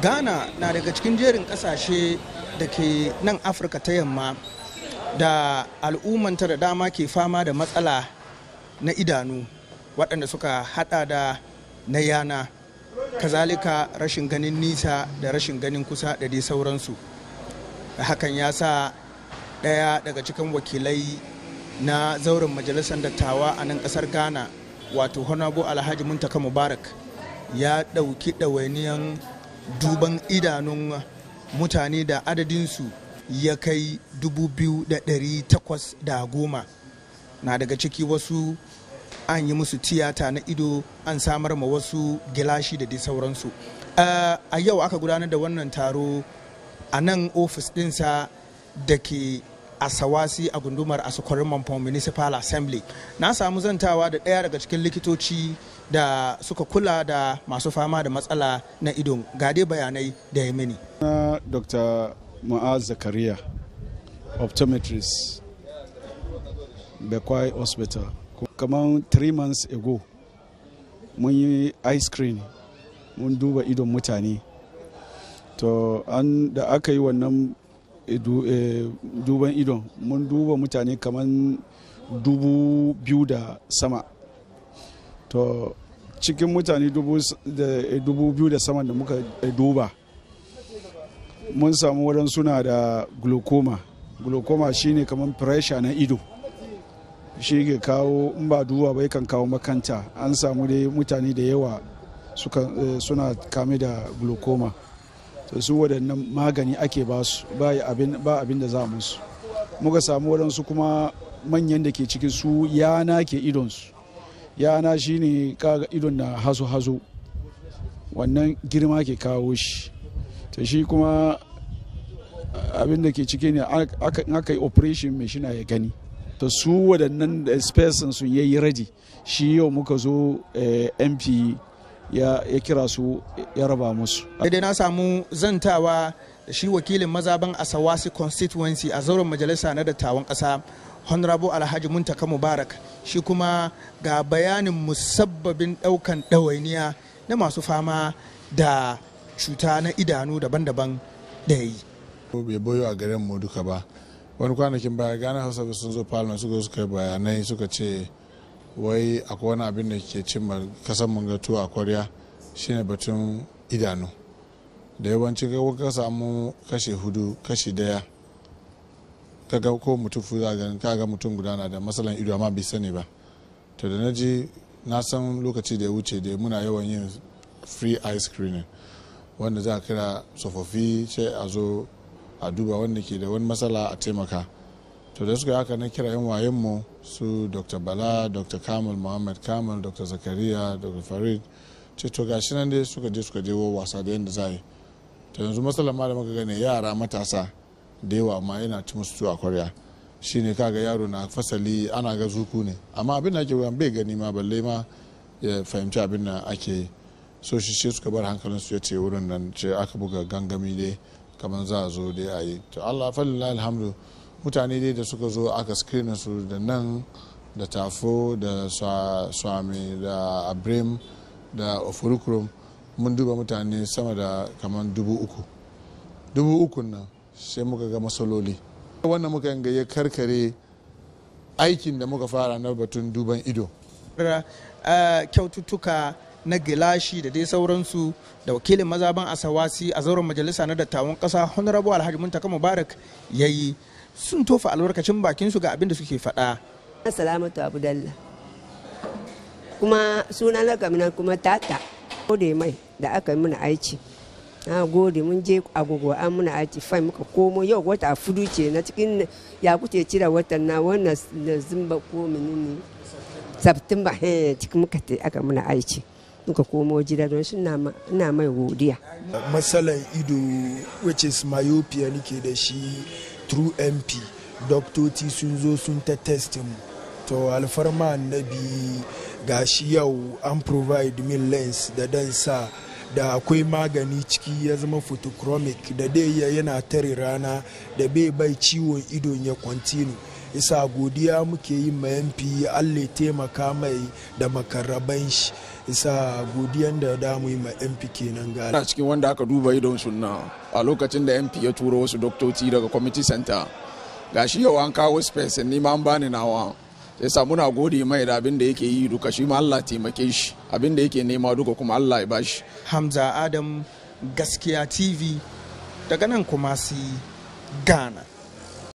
ghana na daga cikin jerin kasashe da ke nan afirka ta yamma da al'ummanta da dama ke fama da matsala na idanu waɗanda suka hada da na yana kazalika rashin ganin nisa da rashin ganin kusa da dai sauransu hakan ya sa ɗaya daga cikin wakilai na zauren majalisar dattawa a nan ƙasar ghana wato honorable alhaji muntaka mubarak ya ɗauki ɗawainiyan duban idanun mutane da adadinsu ya kai 2,810 na daga ciki wasu an yi musu tiyata na ido an samar ma wasu gilashi da dai sauransu a yau aka gudanar da wannan taro a nan ofis dinsa da ke a sawasi a gundumar asukurin manfon municipal assembly na samu zantawa da ɗaya daga cikin likitoci da suka kula da masu fama da matsala na idon gade bayanai da ya mini na dr ma'az zakariya optometrist bekwai hospital kamar 3 months ago mun yi eye screen mun duba idon mutane to an da aka yi wannan Eh, duban idon mun duba mutane kamar dubu biyu da sama to cikin mutane dubu eh, biyu da sama da muka eh, duba mun samu wadan suna da glaucoma glaucoma shine kamar pressure na ido shi ke kawo in ba duba bai kan kawo makanta an samu dai mutane da yawa suna kame da glaucoma to su waɗannan magani ake ba su ba abin da za musu muka samu waɗansu kuma manyan da ke cikin su yana ke idonsu yana ne kaga idon na hazo-hazo wannan girma ke kawo shi ta shi kuma abin da ke ciki ne aka yi operation mai shina ya gani ta su waɗannan space sun yayi raji shi yau muka zo eh, mp ya kira su ya raba musu. Daidai na samu zantawa shi wakilin mazaban Asawasi constituency a zauren majalisa na dattawan ƙasa Honorable Alhaji Muntaka Mubarak shi kuma ga bayanin musabbabin ɗaukan ɗawainiya na masu fama da cuta na idanu daban-daban da yi. Bai boyo a garin mu duka ba. Wani kwanakin baya gane Hausa sun zo palma suka suka bayanai suka ce wai akwai wani abin da ke cin kasan mangatu a kwarya shine batun idanu da yawanci ka samu kashe hudu kashe daya ga ko mutum fuza ka ga mutum guda na da matsalan ido amma bai sani ba to da na ji na san lokaci da ya wuce da muna yawan yin free eye screening wanda za a kira tsofaffi sai a zo a duba wanda ke da wani matsala a taimaka to da suka haka na kira yan mu su dr bala dr kamal muhammad kamal dr zakariya dr farid ce to gashi nan dai suka je suka je wa wasa da yadda za yi ta yanzu matsalar ma da muka gane yara matasa da yawa ma yana ci musu a kwarya shine kaga yaro na fasali ana ga zuku ne amma abin da ake wuyan bai gani ma balle ma ya fahimci abin da ake so shi ce suka bar hankalin su ya ce wurin nan ce aka buga gangami dai kamar za a zo dai a yi to allah falillah alhamdu mutane dai da suka zo aka screen su da nan da tafo da swami da abrim da ofurukurum mun duba mutane sama da kamar dubu uku dubu uku nan sai muka ga masaloli wannan muka yanga ya karkare aikin da muka fara na batun duban ido kyaututtuka na gilashi da dai sauransu da wakilin mazaban asawasi a zauren majalisa na dattawan kasa honorable alhaji muntaka mubarak ya yi sun tofa albarkacin bakin su ga abin da suke faɗa. Abu Dalla, Kuma suna na gamna kuma tata. Gode mai da aka yi muna aiki. Na gode mun je agogo an muna aiki fai muka komo yau wata fudu ce na cikin ya kuce cire watan na wannan zimba ko menene. Septemba eh, cikin muka aka muna aiki. muka komo jira don shi na mai godiya. Matsalar ido which is myopia nike da shi true mp doktoci sun zo sun ta testin to alfarma ga shi yau an provide min lens da dan sa da akwai magani ciki ya zama photochromic da dai yana tare rana da bai bai ciwon idon ya continue isa godiya muke yi ma yanfi allah taimaka mai da makarraban shi isa godiyan da da mu yi ma yanfi kenan gari. na cikin wanda aka duba idon sunna a lokacin da yanfi ya turo wasu doktoci daga community center gashi yau an kawo space ni ma an bani nawa sai sa muna gode mai da abin da yake yi duka shi ma Allah taimake shi abin da yake nema duka kuma Allah ya bashi Hamza Adam gaskiya TV daga nan kuma si Ghana